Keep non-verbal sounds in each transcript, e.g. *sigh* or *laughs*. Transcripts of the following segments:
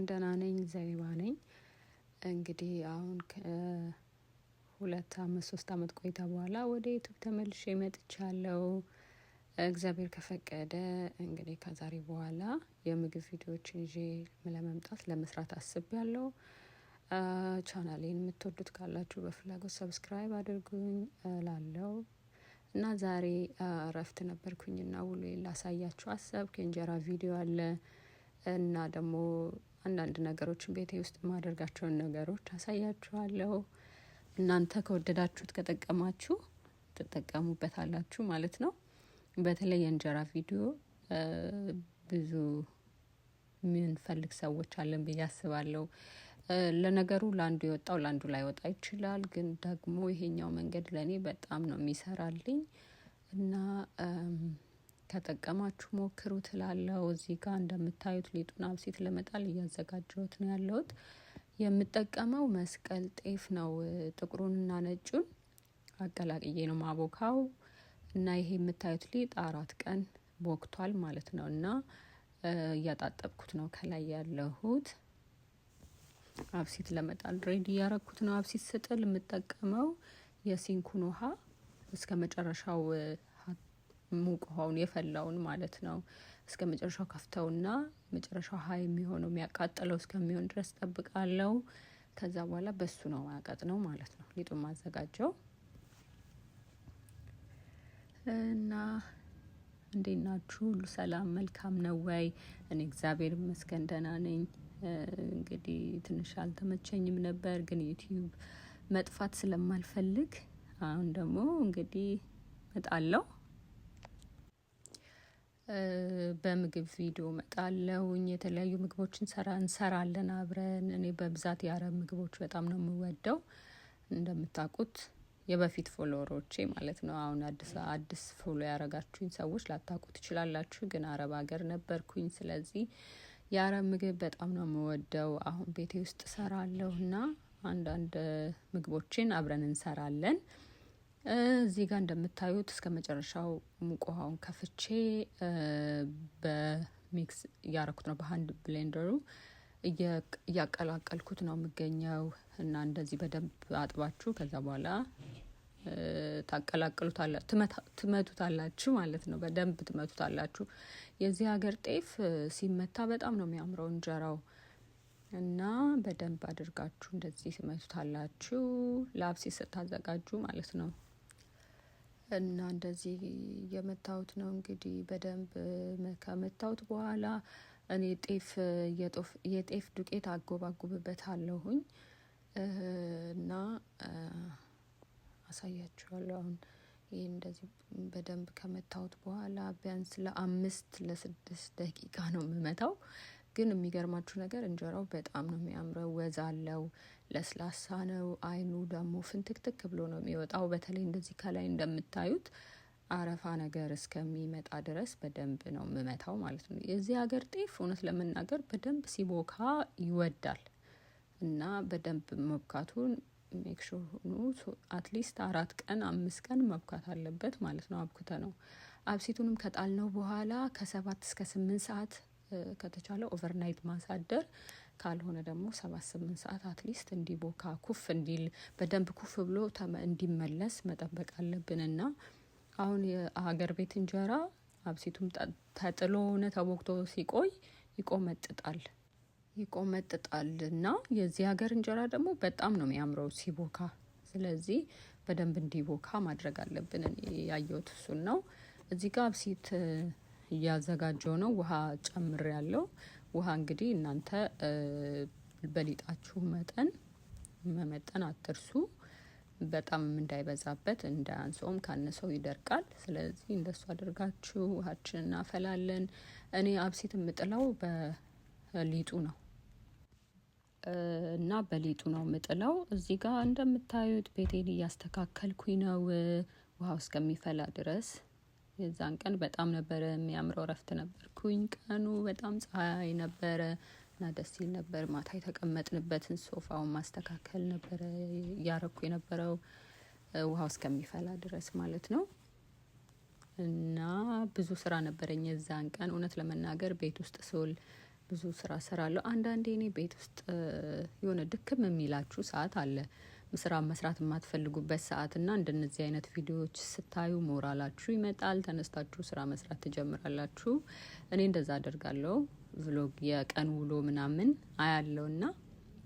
ቀን ደህና ነኝ። ዘቢባ ነኝ። እንግዲህ አሁን ከሁለት አመት ሶስት አመት ቆይታ በኋላ ወደ ዩቱብ ተመልሼ መጥቻለሁ። እግዚአብሔር ከፈቀደ እንግዲህ ከዛሬ በኋላ የምግብ ቪዲዮዎችን ይዤ ለመምጣት ለመስራት አስቤያለሁ። ቻናሌን የምትወዱት ካላችሁ በፍላጎት ሰብስክራይብ አድርጉኝ እላለሁ። እና ዛሬ እረፍት ነበርኩኝና ውሎ ላሳያችሁ አሰብኩ። የእንጀራ ቪዲዮ አለ እና ደግሞ አንዳንድ ነገሮችን ቤቴ ውስጥ የማደርጋቸውን ነገሮች አሳያችኋለሁ። እናንተ ከወደዳችሁት ከጠቀማችሁ ትጠቀሙበታላችሁ ማለት ነው። በተለይ የእንጀራ ቪዲዮ ብዙ የምንፈልግ ሰዎች አለን ብዬ አስባለሁ። ለነገሩ ለአንዱ የወጣው ለአንዱ ላይወጣ ይችላል። ግን ደግሞ ይሄኛው መንገድ ለእኔ በጣም ነው የሚሰራልኝ እና ተጠቀማችሁ ሞክሩ ትላለው። እዚህ ጋር እንደምታዩት ሊጡን አብሲት ለመጣል እያዘጋጀሁት ነው ያለሁት። የምጠቀመው መስቀል ጤፍ ነው። ጥቁሩንና ነጩን አቀላቅዬ ነው ማቦካው እና ይሄ የምታዩት ሊጥ አራት ቀን ቦክቷል ማለት ነው እና እያጣጠብኩት ነው ከላይ ያለሁት። አብሲት ለመጣል ሬዲ እያረኩት ነው። አብሲት ስጥል የምጠቀመው የሲንኩን ውሃ እስከ መጨረሻው ሙቅ የፈላውን ማለት ነው እስከ መጨረሻው ከፍተውና መጨረሻው ሀይ የሚሆነው የሚያቃጥለው እስከሚሆን ድረስ ጠብቃለው። ከዛ በኋላ በሱ ነው ማቀጥ ነው ማለት ነው ሊጡ ማዘጋጀው እና እንዴት ናችሁ? ሁሉ ሰላም መልካም ነው ወይ? እኔ እግዚአብሔር ይመስገን ደህና ነኝ። እንግዲህ ትንሽ አልተመቸኝም ነበር፣ ግን ዩቲዩብ መጥፋት ስለማልፈልግ አሁን ደግሞ እንግዲህ እመጣለሁ። በምግብ ቪዲዮ መጣለውኝ የተለያዩ ምግቦችን እንሰራለን አብረን። እኔ በብዛት የአረብ ምግቦች በጣም ነው የምወደው። እንደምታውቁት የበፊት ፎሎወሮቼ ማለት ነው። አሁን አዲስ አዲስ ፎሎ ያረጋችሁኝ ሰዎች ላታውቁ ትችላላችሁ፣ ግን አረብ ሀገር ነበርኩኝ። ስለዚህ የአረብ ምግብ በጣም ነው የምወደው። አሁን ቤቴ ውስጥ እሰራለሁ እና አንዳንድ ምግቦችን አብረን እንሰራለን። እዚህ ጋር እንደምታዩት እስከ መጨረሻው ሙቅ ውሃውን ከፍቼ በሚክስ እያረኩት ነው። በሀንድ ብሌንደሩ እያቀላቀልኩት ነው የምገኘው እና እንደዚህ በደንብ አጥባችሁ ከዛ በኋላ ትመቱታላችሁ ማለት ነው። በደንብ ትመቱታላችሁ። የዚህ ሀገር ጤፍ ሲመታ በጣም ነው የሚያምረው እንጀራው እና በደንብ አድርጋችሁ እንደዚህ ትመቱታላችሁ። ላብሴ ስታዘጋጁ ማለት ነው። እና እንደዚህ የመታወት ነው እንግዲህ በደንብ ከመታወት በኋላ እኔ ጤፍ የጤፍ ዱቄት አጎባጉብበታለሁኝ እና አሳያችኋለሁ። አሁን ይህ እንደዚህ በደንብ ከመታወት በኋላ ቢያንስ ለአምስት ለስድስት ደቂቃ ነው የምመታው። ግን የሚገርማችሁ ነገር እንጀራው በጣም ነው የሚያምረው፣ ወዝ አለው። ለስላሳ ነው። አይኑ ደግሞ ፍንትክትክ ብሎ ነው የሚወጣው። በተለይ እንደዚህ ከላይ እንደምታዩት አረፋ ነገር እስከሚመጣ ድረስ በደንብ ነው የምመታው ማለት ነው። የዚህ ሀገር ጤፍ እውነት ለመናገር በደንብ ሲቦካ ይወዳል እና በደንብ መብካቱን ሜክሹኑ አትሊስት አራት ቀን አምስት ቀን መብካት አለበት ማለት ነው። አብኩተ ነው አብሲቱንም ከጣልነው በኋላ ከሰባት እስከ ስምንት ሰዓት ከተቻለ ኦቨርናይት ማሳደር ካልሆነ ደግሞ ሰባት ስምንት ሰዓት አትሊስት እንዲቦካ ኩፍ እንዲል በደንብ ኩፍ ብሎ እንዲመለስ መጠበቅ አለብንና አሁን የሀገር ቤት እንጀራ አብሲቱም ተጥሎ ሆነ ተቦክቶ ሲቆይ ይቆመጥጣል ይቆመጥጣል እና የዚህ ሀገር እንጀራ ደግሞ በጣም ነው የሚያምረው ሲቦካ። ስለዚህ በደንብ እንዲቦካ ማድረግ አለብን። ያየሁት እሱን ነው። እዚህ ጋር አብሲት እያዘጋጀው ነው። ውሃ ጨምር ያለው ውሃ እንግዲህ እናንተ በሊጣችሁ መጠን መመጠን አትርሱ። በጣም እንዳይበዛበት እንዳያንሰውም ካነሰው ይደርቃል። ስለዚህ እንደሱ አድርጋችሁ ውሃችን እናፈላለን። እኔ አብሲት የምጥለው በሊጡ ነው እና በሊጡ ነው የምጥለው። እዚህ ጋር እንደምታዩት ቤቴን እያስተካከልኩኝ ነው ውሃ እስከሚፈላ ድረስ የዛን ቀን በጣም ነበረ የሚያምረው እረፍት ነበርኩኝ። ቀኑ በጣም ፀሐይ ነበረ እና ደስ ይል ነበር። ማታ የተቀመጥንበትን ሶፋውን ማስተካከል ነበረ እያረኩ የነበረው ውሃው እስከሚፈላ ድረስ ማለት ነው። እና ብዙ ስራ ነበረኝ የዛን ቀን እውነት ለመናገር ቤት ውስጥ ስውል ብዙ ስራ ስራለሁ። አንዳንዴ እኔ ቤት ውስጥ የሆነ ድክም የሚላችሁ ሰዓት አለ። ስራ መስራት የማትፈልጉበት ሰዓት እና እንደነዚህ አይነት ቪዲዮዎች ስታዩ ሞራላችሁ ይመጣል፣ ተነስታችሁ ስራ መስራት ትጀምራላችሁ። እኔ እንደዛ አደርጋለሁ። ቭሎግ የቀን ውሎ ምናምን አያለው እና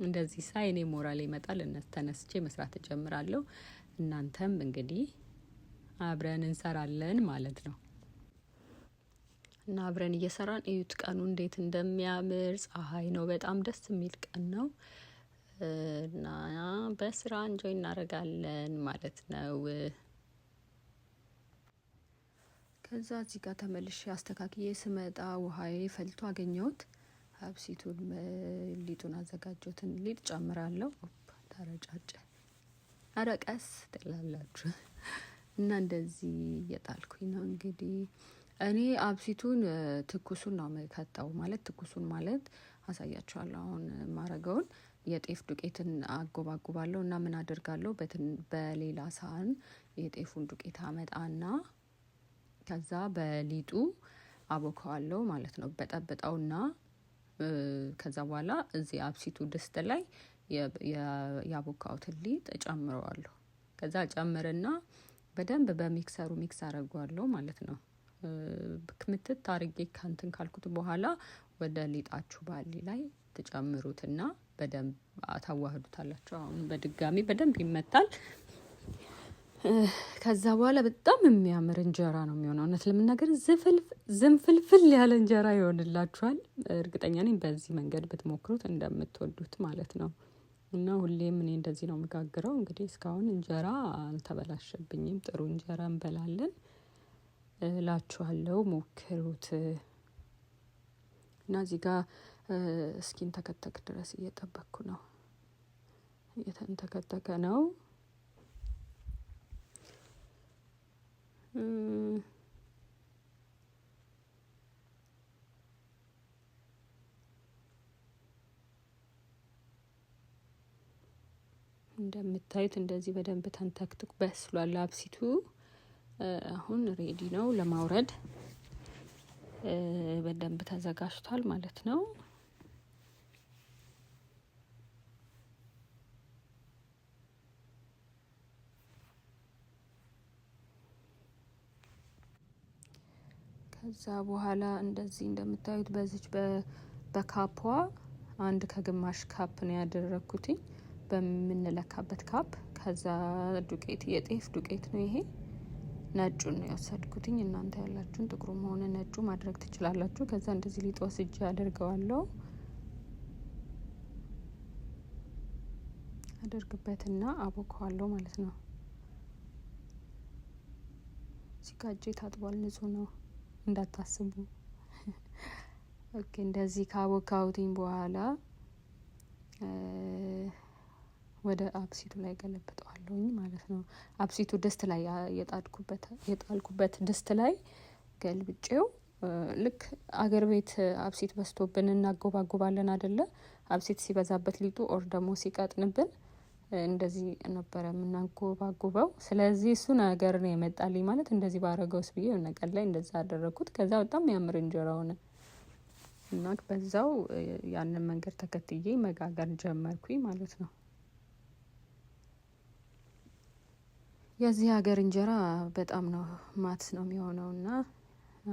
እንደዚህ ሳይ እኔ ሞራል ይመጣል፣ ተነስቼ መስራት እጀምራለሁ። እናንተም እንግዲህ አብረን እንሰራለን ማለት ነው እና አብረን እየሰራን እዩት ቀኑ እንዴት እንደሚያምር። ፀሐይ ነው፣ በጣም ደስ የሚል ቀን ነው። እና በስራ እንጆይ እናደርጋለን ማለት ነው። ከዛ እዚህ ጋር ተመልሼ አስተካክዬ ስመጣ ውሃዬ ፈልቶ አገኘሁት። ሀብሲቱን ሊጡን አዘጋጀሁትን ሊጥ ጨምራለሁ። ተረጫጨ አረቀስ ትላላችሁ እና እንደዚህ እየጣልኩኝ ነው እንግዲህ እኔ አብሲቱን ትኩሱን ነው የምከተው። ማለት ትኩሱን ማለት አሳያችኋለሁ አሁን ማረገውን የጤፍ ዱቄትን አጎባጉባለሁ እና ምን አድርጋለሁ በሌላ ሳህን የጤፉን ዱቄት አመጣና ከዛ በሊጡ አቦከዋለሁ ማለት ነው። በጠብጠውና ከዛ በኋላ እዚህ አብሲቱ ድስት ላይ ያቦካሁትን ሊጥ እጨምረዋለሁ። ከዛ ጨምርና በደንብ በሚክሰሩ ሚክስ አደርገዋለሁ ማለት ነው። ክምትት አድርጌ ከንትን ካልኩት በኋላ ወደ ሊጣችሁ ባሊ ላይ ትጨምሩትና በደንብ ታዋህዱታላችሁ። አሁን በድጋሚ በደንብ ይመታል። ከዛ በኋላ በጣም የሚያምር እንጀራ ነው የሚሆነው። እውነት ለምናገር ዝንፍልፍል ያለ እንጀራ ይሆንላችኋል። እርግጠኛ ነኝ በዚህ መንገድ ብትሞክሩት እንደምትወዱት ማለት ነው። እና ሁሌም እኔ እንደዚህ ነው የምጋግረው። እንግዲህ እስካሁን እንጀራ አልተበላሸብኝም። ጥሩ እንጀራ እንበላለን እላችኋለሁ። ሞክሩት እና እዚህ ጋር እስኪን ተከተክ ድረስ እየጠበቅኩ ነው። እየተንተከተከ ነው። እንደምታዩት እንደዚህ በደንብ ተንተክትኩ በስሏል። አብሲቱ አሁን ሬዲ ነው ለማውረድ በደንብ ተዘጋጅቷል ማለት ነው። ከዛ በኋላ እንደዚህ እንደምታዩት በዚች በካፕዋ አንድ ከግማሽ ካፕ ነው ያደረግኩትኝ በምንለካበት ካፕ። ከዛ ዱቄት የጤፍ ዱቄት ነው ይሄ። ነጩን ነው የወሰድኩትኝ። እናንተ ያላችሁን ጥቁሩ ሆነ ነጩ ማድረግ ትችላላችሁ። ከዛ እንደዚህ ሊጥ ወስጄ አደርገዋለሁ። አደርግበትና አቦከዋለሁ ማለት ነው። ሲጋጄ ታጥቧል፣ ንጹህ ነው። እንዳታስቡ። ኦኬ እንደዚህ ካቦካሁትኝ በኋላ ወደ አብሲቱ ላይ ገለብጠዋለሁኝ ማለት ነው። አብሲቱ ድስት ላይ የጣልኩበት ድስት ላይ ገልብጬው ልክ አገር ቤት አብሲት በስቶብን እናጎባጉባለን አደለ? አብሲት ሲበዛበት ሊጡ ኦር ደግሞ ሲቀጥንብን እንደዚህ ነበረ የምናጎባጉበው። ስለዚህ እሱ ነገር ነው የመጣልኝ ማለት እንደዚህ ባረገውስ ብዬ የሆነ ቀን ላይ እንደዛ አደረግኩት። ከዛ በጣም ያምር እንጀራ ሆነ እና በዛው ያንን መንገድ ተከትዬ መጋገር ጀመርኩኝ ማለት ነው። የዚህ ሀገር እንጀራ በጣም ነው ማት ነው የሚሆነው እና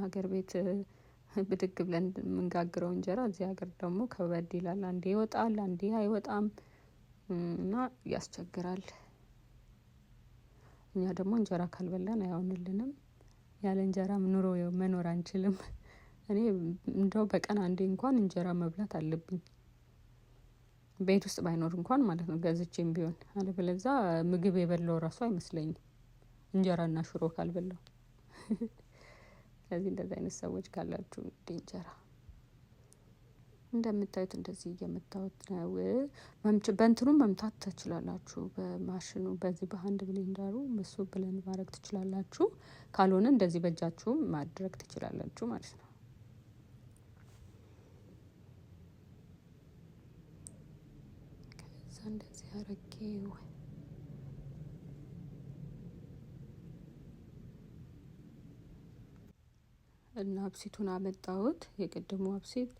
ሀገር ቤት ብድግ ብለን የምንጋግረው እንጀራ እዚህ ሀገር ደግሞ ከበድ ይላል። አንዴ ይወጣል፣ አንዴ አይወጣም። እና ያስቸግራል። እኛ ደግሞ እንጀራ ካልበላን አይሆንልንም። ያለ እንጀራ ኑሮ መኖር አንችልም። እኔ እንደው በቀን አንዴ እንኳን እንጀራ መብላት አለብኝ። ቤት ውስጥ ባይኖር እንኳን ማለት ነው ገዝቼም ቢሆን አለበለዛ ምግብ የበላው ራሱ አይመስለኝም። እንጀራና ሽሮ ካልበላው። *laughs* ስለዚህ እንደዚህ አይነት ሰዎች ካላችሁ እንግዲህ እንጀራ እንደምታዩት እንደዚህ እየመታወት ነው። በእንትኑ መምታት ትችላላችሁ። በማሽኑ በዚህ በሀንድ ብሌንደሩ እሱ ብለን ማድረግ ትችላላችሁ። ካልሆነ እንደዚህ በእጃችሁም ማድረግ ትችላላችሁ ማለት ነው። ከዛ እንደዚህ አረጌ እና አብሲቱን አመጣሁት የቅድሙ አብሲት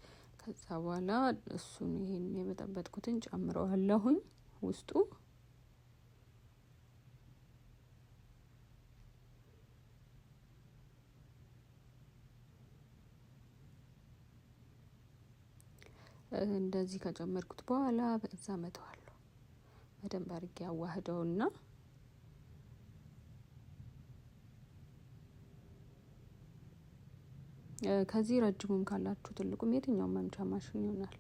ከዛ በኋላ እሱን ይሄን የበጠበጥኩትን ጨምረዋለሁኝ ውስጡ እንደዚህ ከጨመርኩት በኋላ በዛ መተዋለሁ። በደንብ አድርጌ አዋህደውና ከዚህ ረጅሙም ካላችሁ ትልቁም የትኛውም መምቻ ማሽን ይሆናል።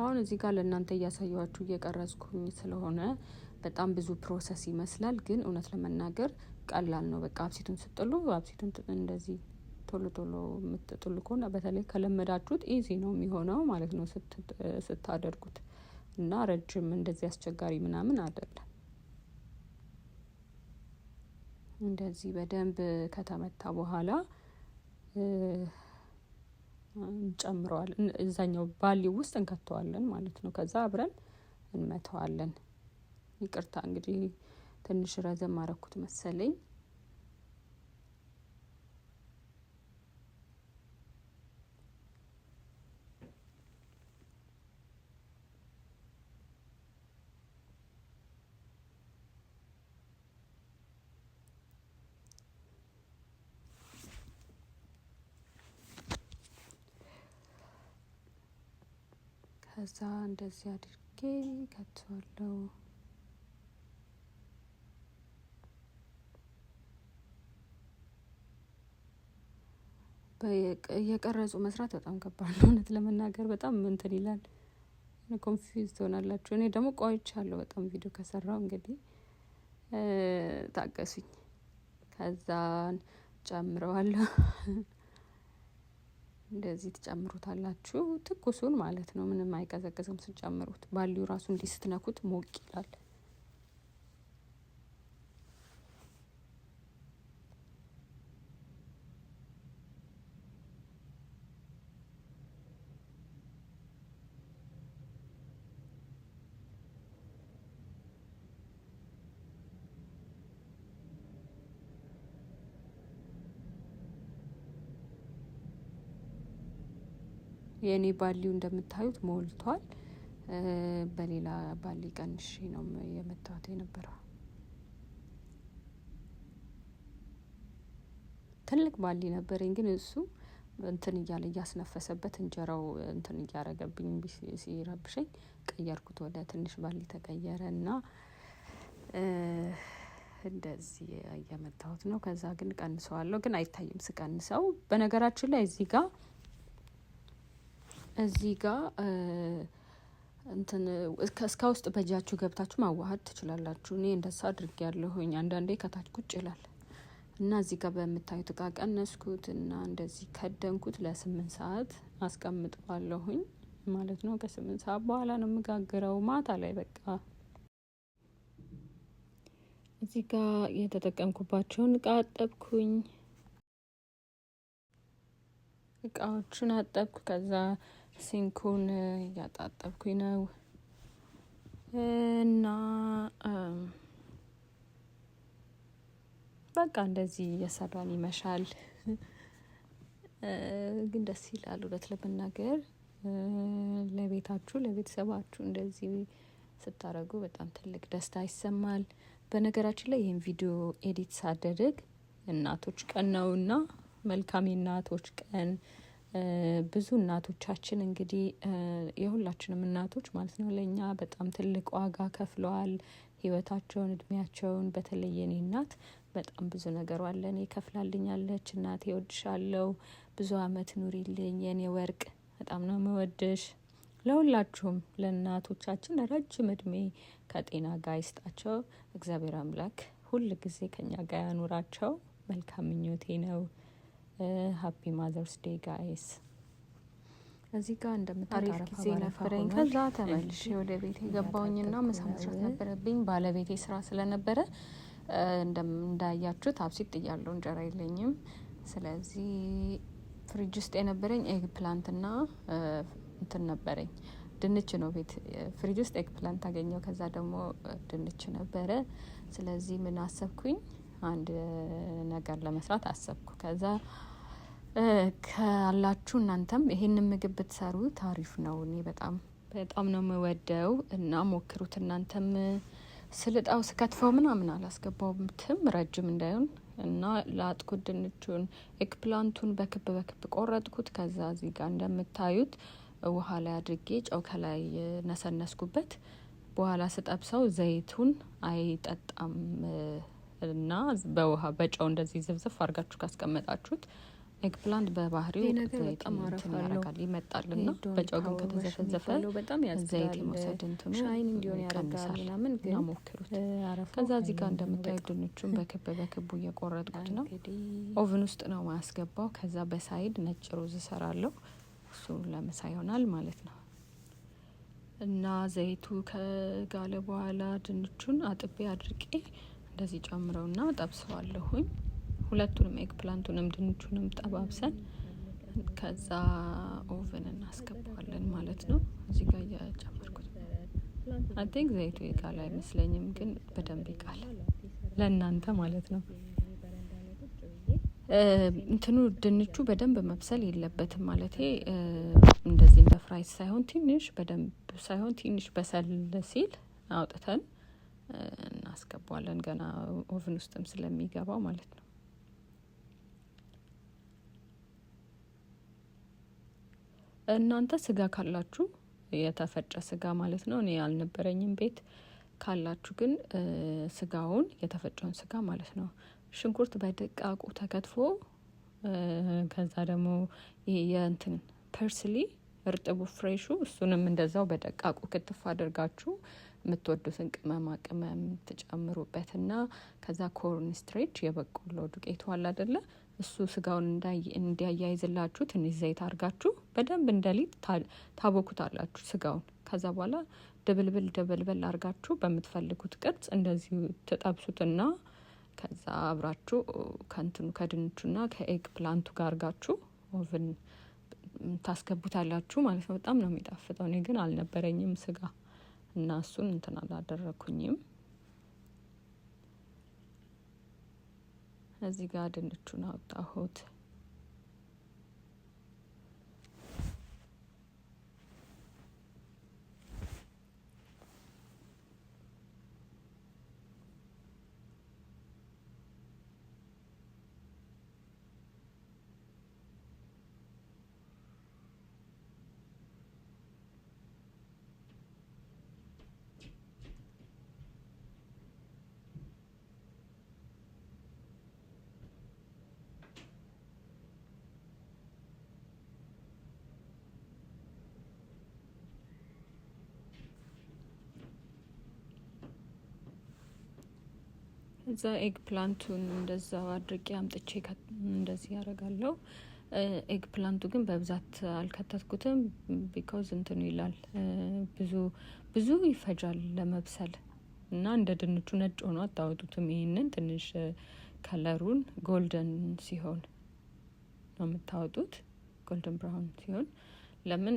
አሁን እዚህ ጋር ለእናንተ እያሳየኋችሁ እየቀረጽኩኝ ስለሆነ በጣም ብዙ ፕሮሰስ ይመስላል፣ ግን እውነት ለመናገር ቀላል ነው። በቃ አብሲቱን ስጥሉ አብሲቱን እንደዚህ ቶሎ ቶሎ የምትጥሉ ከሆነ በተለይ ከለመዳችሁት ኢዚ ነው የሚሆነው ማለት ነው ስታደርጉት። እና ረጅም እንደዚህ አስቸጋሪ ምናምን አይደለም። እንደዚህ በደንብ ከተመታ በኋላ እንጨምረዋለን። እዛኛው ባሊው ውስጥ እንከተዋለን ማለት ነው። ከዛ አብረን እንመተዋለን። ይቅርታ እንግዲህ ትንሽ ረዘም አረኩት መሰለኝ። ከዛ እንደዚህ አድርጌ ከትዋለው። የቀረጹ መስራት በጣም ከባድ ነው። እውነት ለመናገር በጣም እንትን ይላል፣ ኮንፊውዝ ትሆናላችሁ። እኔ ደግሞ ቆይቻለሁ በጣም ቪዲዮ ከሰራው እንግዲህ ታገሱኝ። ከዛን ጨምረዋለሁ። እንደዚህ ትጨምሩታላችሁ። ትኩሱን ማለት ነው። ምንም አይቀዘቅዝም። ስጨምሩት ባሊው ራሱ እንዲህ ስትነኩት ሞቅ ይላል። የእኔ ባሊው እንደምታዩት ሞልቷል። በሌላ ባሊ ቀንሽ ነው የመታወት የነበረው። ትልቅ ባሊ ነበረኝ ግን እሱ እንትን እያለ እያስነፈሰበት እንጀራው እንትን እያረገብኝ ሲረብሸኝ ቀየርኩት ወደ ትንሽ ባሊ ተቀየረ እና እንደዚህ እየመታሁት ነው። ከዛ ግን ቀንሰዋለሁ፣ ግን አይታይም ስቀንሰው። በነገራችን ላይ እዚህ ጋር እዚህ ጋር እንትን እስከ ውስጥ በእጃችሁ ገብታችሁ ማዋሃድ ትችላላችሁ። እኔ እንደዛ አድርጌ ያለሁኝ አንዳንዴ ከታች ቁጭ ይላል እና እዚህ ጋር በምታዩት እቃ ቀነስኩት እና እንደዚህ ከደንኩት። ለስምንት ሰዓት አስቀምጠዋለሁኝ ማለት ነው። ከስምንት ሰዓት በኋላ ነው የምጋግረው ማታ ላይ በቃ እዚህ ጋር የተጠቀምኩባቸውን እቃ አጠብኩኝ። እቃዎቹን አጠብኩ ከዛ ሲንኩን እያጣጠብኩኝ ነው እና በቃ እንደዚህ እየሰራን ይመሻል። ግን ደስ ይላል። እውነት ለመናገር ለቤታችሁ ለቤተሰባችሁ እንደዚህ ስታደርጉ በጣም ትልቅ ደስታ ይሰማል። በነገራችን ላይ ይህን ቪዲዮ ኤዲት ሳደርግ እናቶች ቀን ነው እና መልካም የእናቶች ቀን ብዙ እናቶቻችን እንግዲህ የሁላችንም እናቶች ማለት ነው ለእኛ በጣም ትልቅ ዋጋ ከፍለዋል። ህይወታቸውን እድሜያቸውን በተለየ የኔ እናት በጣም ብዙ ነገሯ ለእኔ ከፍላልኛለች። እናቴ እወድሻለሁ ብዙ አመት ኑሪልኝ የኔ ወርቅ በጣም ነው መወደሽ ለሁላችሁም ለእናቶቻችን ረጅም እድሜ ከጤና ጋር ይስጣቸው እግዚአብሔር አምላክ ሁል ጊዜ ከኛ ጋር ያኑራቸው መልካም ምኞቴ ነው ሀፒ ማዘርስ ዴ ጋይስ። እዚህ ጋር እንደምታሪፍ ጊዜ ነበረኝ። ከዛ ተመልሼ ወደ ቤት የገባውኝና ምሳ መስራት ነበረብኝ። ባለቤቴ ስራ ስለነበረ እንዳያችሁት አብሲት ጥያለው፣ እንጀራ የለኝም። ስለዚህ ፍሪጅ ውስጥ የነበረኝ ኤግ ፕላንትና እንትን ነበረኝ ድንች ነው። ቤት ፍሪጅ ውስጥ ኤግ ፕላንት ታገኘው። ከዛ ደግሞ ድንች ነበረ። ስለዚህ ምን አሰብኩኝ? አንድ ነገር ለመስራት አሰብኩ። ከዛ ካላችሁ እናንተም ይሄንን ምግብ ብትሰሩ ታሪፍ ነው። እኔ በጣም በጣም ነው የምወደው እና ሞክሩት እናንተም። ስልጣው ስከትፈው ምናምን አላስገባውትም ረጅም እንዳይሆን እና ላጥኩት ድንቹን፣ ኤክፕላንቱን በክብ በክብ ቆረጥኩት። ከዛ እዚህ ጋር እንደምታዩት ውሃ ላይ አድርጌ ጨው ከላይ ነሰነስኩበት። በኋላ ስጠብሰው ዘይቱን አይጠጣም እና በውሃ በጨው እንደዚህ ዝብዝፍ አድርጋችሁ ካስቀመጣችሁት ኤግፕላንት በባህሪው በጣም ያረጋል ይመጣል እና በጨው ግን ከተዘፈዘፈ ዘይት የመውሰድ እንትኑ ይቀንሳል እና ሞክሩት። ከዛ እዚህ ጋር እንደምታዩ ድንቹን በክብ በክቡ እየቆረጥኩት ነው። ኦቭን ውስጥ ነው ማያስገባው። ከዛ በሳይድ ነጭ ሩዝ እሰራለሁ። እሱ ለምሳ ይሆናል ማለት ነው። እና ዘይቱ ከጋለ በኋላ ድንቹን አጥቤ አድርቄ እንደዚህ ጨምረውና ጠብሰዋለሁኝ። ሁለቱንም ኤግ ፕላንቱንም ድንቹንም ጠባብሰን ከዛ ኦቨን እናስገባዋለን ማለት ነው። እዚህ ጋር እየጨመርኩት አይ ቲንክ ዘይቱ ይቃል አይመስለኝም፣ ግን በደንብ ይቃል ለእናንተ ማለት ነው። እንትኑ ድንቹ በደንብ መብሰል የለበትም ማለት እንደዚህ እንደ ፍራይስ ሳይሆን ትንሽ በደንብ ሳይሆን ትንሽ በሰል ሲል አውጥተን እናስገባዋለን። ገና ኦቨን ውስጥም ስለሚገባው ማለት ነው። እናንተ ስጋ ካላችሁ የተፈጨ ስጋ ማለት ነው። እኔ ያልነበረኝም ቤት ካላችሁ ግን ስጋውን የተፈጨውን ስጋ ማለት ነው። ሽንኩርት በደቃቁ ተከትፎ ከዛ ደግሞ የእንትን ፐርስሊ እርጥቡ ፍሬሹ እሱንም እንደዛው በደቃቁ ክትፍ አድርጋችሁ የምትወዱትን ቅመማ ቅመም ትጨምሩበትና ከዛ ኮርን ስትሬች የበቆሎ ዱቄቱ አለ አደለ እሱ ስጋውን እንዲያያይዝላችሁ ትንሽ ዘይት አድርጋችሁ በደንብ እንደሊት ታቦኩታላችሁ ስጋውን። ከዛ በኋላ ድብልብል ድብልብል አድርጋችሁ በምትፈልጉት ቅርጽ እንደዚሁ ትጠብሱትና ከዛ አብራችሁ ከንትኑ ከድንቹና ከኤግ ፕላንቱ ጋር አርጋችሁ ኦቭን ታስገቡታላችሁ ማለት ነው። በጣም ነው የሚጣፍጠው። እኔ ግን አልነበረኝም ስጋ እና እሱን እንትን አላደረኩኝም። እዚህ ጋር ድንቹን አወጣሁት። እዛ ኤግ ፕላንቱን እንደዛ አድርቄ አምጥቼ እንደዚህ ያደርጋለሁ። ኤግ ፕላንቱ ግን በብዛት አልከተትኩትም፣ ቢካውዝ እንትኑ ይላል ብዙ ብዙ ይፈጃል ለመብሰል እና እንደ ድንቹ ነጭ ሆኖ አታወጡትም። ይህንን ትንሽ ከለሩን ጎልደን ሲሆን ነው የምታወጡት። ጎልደን ብራውን ሲሆን ለምን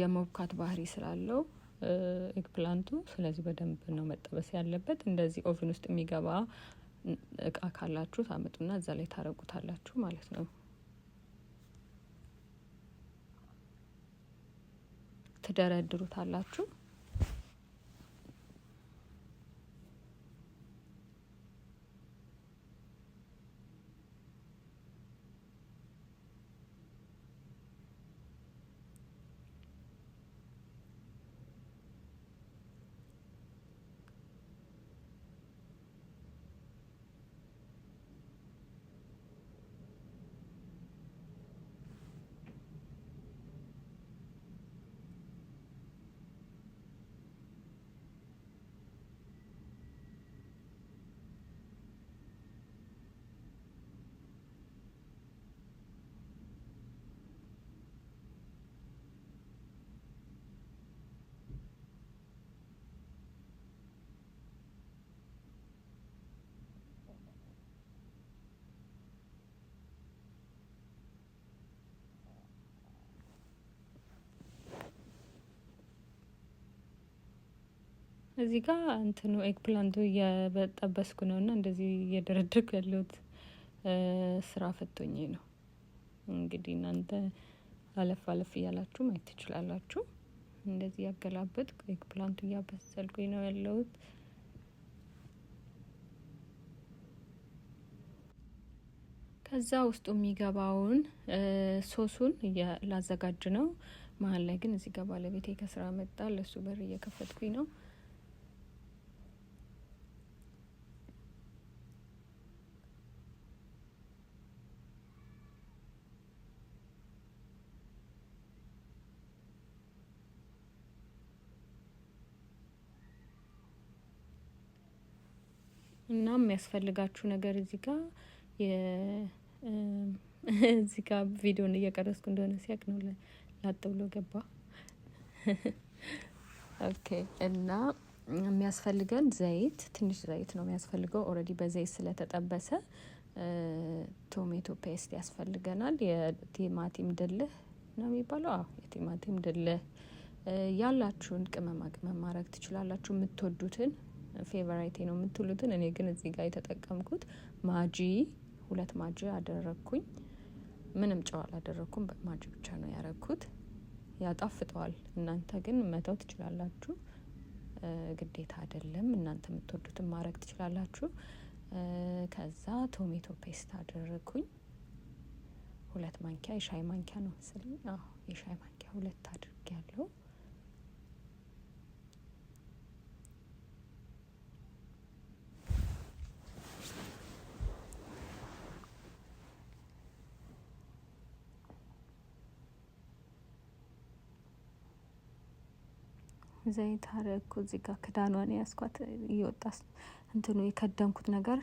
የመብካት ባህሪ ስላለው ኤግፕላንቱ። ስለዚህ በደንብ ነው መጠበስ ያለበት። እንደዚህ ኦቭን ውስጥ የሚገባ እቃ ካላችሁ ታመጡና እዛ ላይ ታረጉታላችሁ ማለት ነው። ትደረድሩታላችሁ። እዚህ ጋር እንትኑ ኤግፕላንቱ እየበጠበስኩ ነው እና እንደዚህ እየደረደርኩ ያለሁት ስራ ፈቶኝ ነው። እንግዲህ እናንተ አለፍ አለፍ እያላችሁ ማየት ትችላላችሁ። እንደዚህ ያገላበጥኩ ኤግፕላንቱ እያበሰልኩኝ ነው ያለሁት። ከዛ ውስጡ የሚገባውን ሶሱን ላዘጋጅ ነው። መሀል ላይ ግን እዚህ ጋር ባለቤቴ ከስራ መጣ። ለሱ በር እየከፈትኩኝ ነው። እና የሚያስፈልጋችሁ ነገር እዚህ ጋ እዚህ ጋ ቪዲዮን እየቀረስኩ እንደሆነ ሲያቅ ነው ላጥ ብሎ ገባ። *laughs* ኦኬ እና የሚያስፈልገን ዘይት ትንሽ ዘይት ነው የሚያስፈልገው። ኦልሬዲ በዘይት ስለተጠበሰ ቶሜቶ ፔስት ያስፈልገናል። የቲማቲም ድልህ ነው የሚባለው። አዎ የቲማቲም ድልህ ያላችሁን ቅመማ ቅመም ማድረግ ትችላላችሁ የምትወዱትን ፌቨራይቴ ነው የምትሉትን። እኔ ግን እዚህ ጋር የተጠቀምኩት ማጂ ሁለት ማጂ አደረግኩኝ። ምንም ጨው አላደረግኩም፣ ማጂ ብቻ ነው ያረግኩት። ያጣፍጠዋል። እናንተ ግን መተው ትችላላችሁ፣ ግዴታ አይደለም። እናንተ የምትወዱትን ማድረግ ትችላላችሁ። ከዛ ቶሜቶ ፔስት አደረግኩኝ። ሁለት ማንኪያ የሻይ ማንኪያ ነው መሰለኝ። አዎ የሻይ ማንኪያ ሁለት አድርጌ ያለው ዘይት አረግኩ። እዚህ ጋር ክዳኗን ያስኳት እየወጣ እንትኑ የከደንኩት ነገር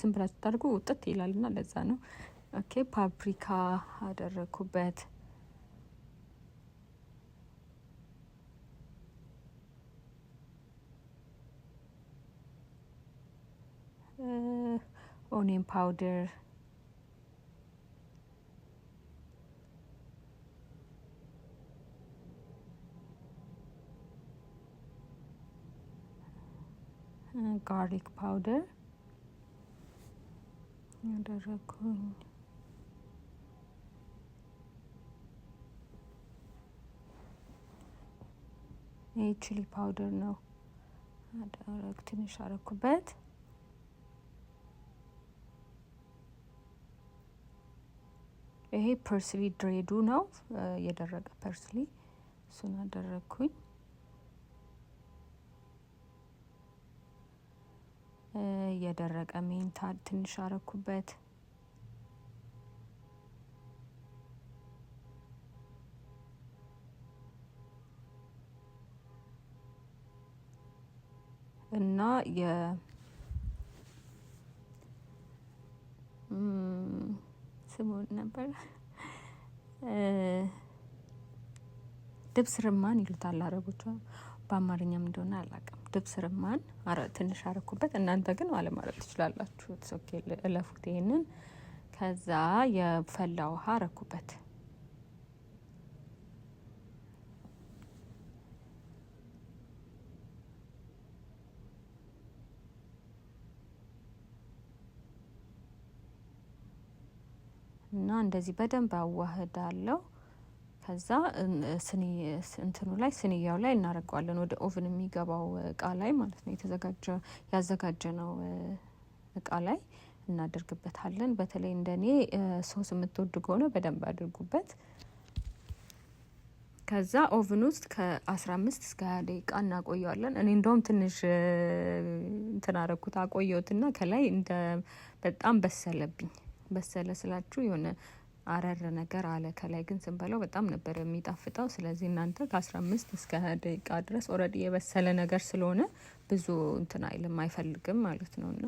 ዝም ብላችሁ ታርጉ ውጥት ይላልና ለዛ ነው። ኦኬ ፓፕሪካ አደረግኩበት። ኦኒየን ፓውደር ጋርሊክ ፓውደር ያደረኩኝ ይህ ቺሊ ፓውደር ነው። አደረግ ትንሽ አረኩበት። ይሄ ፐርስሊ ድሬዱ ነው፣ የደረቀ ፐርስሊ እሱን አደረግኩኝ። የደረቀ ሜንታ ትንሽ አረኩበት። እና የ ስሙን ነበር ድብስ ርማን ይሉታል አረቦቿ፣ በአማርኛም እንደሆነ አላውቅም። ድብስ ርማን ትንሽ አረኩበት። እናንተ ግን አለማረግ ትችላላችሁ። ለፉት እለፉት ይሄንን። ከዛ የፈላ ውሃ አረኩበት። እና እንደዚህ በደንብ አዋህዳለሁ። ከዛ ስኒ እንትኑ ላይ ስንያው ላይ እናደርገዋለን ወደ ኦቭን የሚገባው እቃ ላይ ማለት ነው። የተዘጋጀ ያዘጋጀ ነው እቃ ላይ እናደርግበታለን። በተለይ እንደኔ ሶስ የምትወዱ ከሆነ በደንብ አድርጉበት። ከዛ ኦቭን ውስጥ ከ አምስት እስከ ሀያ ደቂቃ እናቆየዋለን። እኔ እንደውም ትንሽ እንትን አረኩት አቆየሁትና ከላይ እንደ በጣም በሰለብኝ። በሰለ ስላችሁ የሆነ አረር ነገር አለ። ከላይ ግን ስንበላው በጣም ነበር የሚጣፍጠው። ስለዚህ እናንተ ከአስራ አምስት እስከ ሀያ ደቂቃ ድረስ ኦልሬዲ የበሰለ ነገር ስለሆነ ብዙ እንትን አይልም አይፈልግም ማለት ነው። እና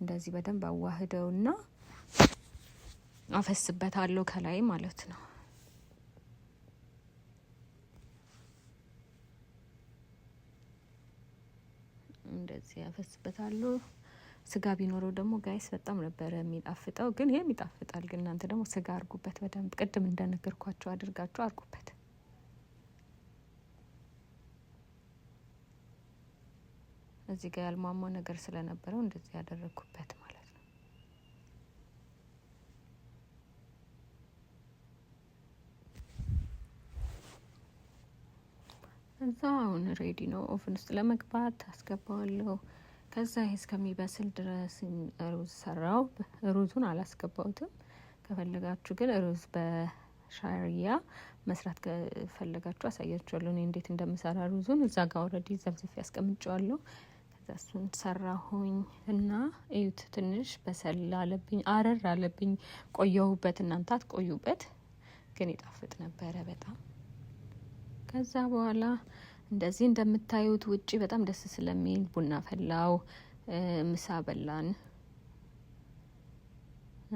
እንደዚህ በደንብ አዋህደውና አፈስበታለሁ ከላይ ማለት ነው። እንደዚህ አፈስበታለሁ። ስጋ ቢኖረው ደግሞ ጋይስ በጣም ነበረ የሚጣፍጠው። ግን ይህም ይጣፍጣል። ግን እናንተ ደግሞ ስጋ አርጉበት በደንብ ቅድም እንደነገርኳቸው አድርጋችሁ አርጉበት። እዚህ ጋር ያልሟሟ ነገር ስለነበረው እንደዚህ ያደረግኩበት ማለት ነው። እዛ አሁን ሬዲ ነው። ኦቨን ውስጥ ለመግባት አስገባዋለሁ። ከዛ ይሄ እስከሚበስል ድረስ ሩዝ ሰራው። ሩዙን አላስገባውትም ከፈለጋችሁ ግን ሩዝ በሻርያ መስራት ከፈለጋችሁ አሳያችኋለሁ እኔ እንዴት እንደምሰራ ሩዙን። እዛ ጋር ኦልሬዲ ዘብዘፍ ያስቀምጨዋለሁ። ከዛ እሱን ሰራሁኝ እና እዩት፣ ትንሽ በሰል አለብኝ፣ አረር አለብኝ። ቆየሁበት፣ እናንተ አትቆዩበት፣ ግን ይጣፍጥ ነበረ በጣም ከዛ በኋላ እንደዚህ እንደምታዩት ውጪ በጣም ደስ ስለሚል ቡና ፈላው፣ ምሳ በላን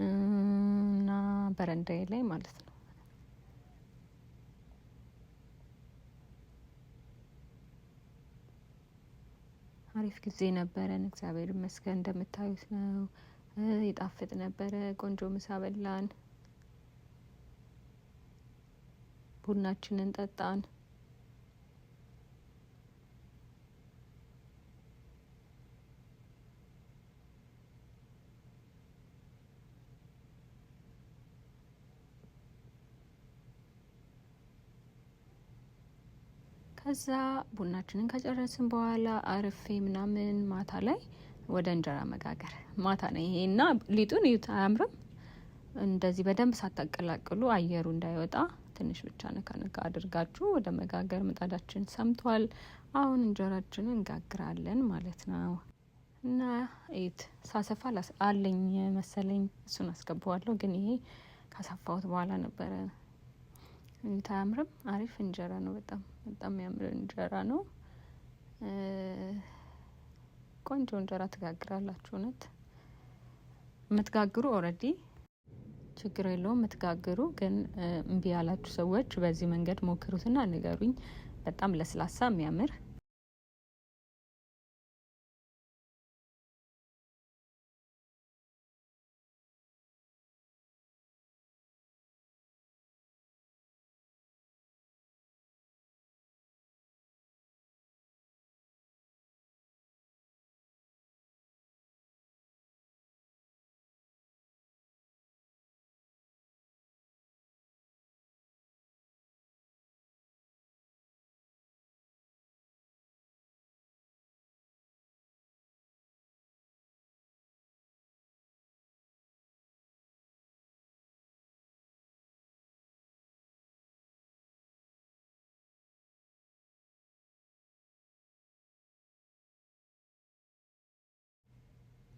እና በረንዳዬ ላይ ማለት ነው። አሪፍ ጊዜ ነበረን፣ እግዚአብሔር ይመስገን። እንደምታዩት ነው፣ ይጣፍጥ ነበረ። ቆንጆ ምሳ በላን፣ ቡናችንን ጠጣን። ከዛ ቡናችንን ከጨረስን በኋላ አርፌ ምናምን ማታ ላይ ወደ እንጀራ መጋገር ማታ ነው ይሄና፣ ሊጡን እዩት፣ አያምርም? እንደዚህ በደንብ ሳታቀላቅሉ አየሩ እንዳይወጣ ትንሽ ብቻ ነካ ነካ አድርጋችሁ ወደ መጋገር። ምጣዳችን ሰምቷል። አሁን እንጀራችንን እንጋግራለን ማለት ነው። እና እዩት፣ ሳሰፋ አለኝ መሰለኝ እሱን አስገባዋለሁ፣ ግን ይሄ ካሰፋሁት በኋላ ነበረ አያምርም አሪፍ እንጀራ ነው። በጣም በጣም የሚያምር እንጀራ ነው። ቆንጆ እንጀራ ትጋግራላችሁ። እውነት የምትጋግሩ ኦልሬዲ ችግር የለውም የምትጋግሩ። ግን እምቢ ያላችሁ ሰዎች በዚህ መንገድ ሞክሩትና ንገሩኝ። በጣም ለስላሳ የሚያምር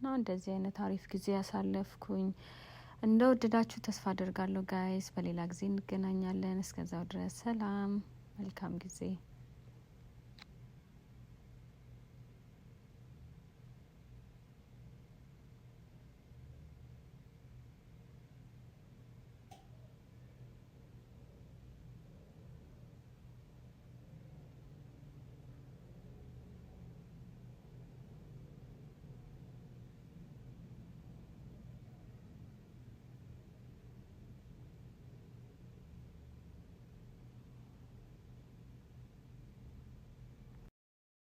እና እንደዚህ አይነት አሪፍ ጊዜ ያሳለፍኩኝ። እንደወደዳችሁ ተስፋ አድርጋለሁ ጋይስ። በሌላ ጊዜ እንገናኛለን። እስከዛው ድረስ ሰላም፣ መልካም ጊዜ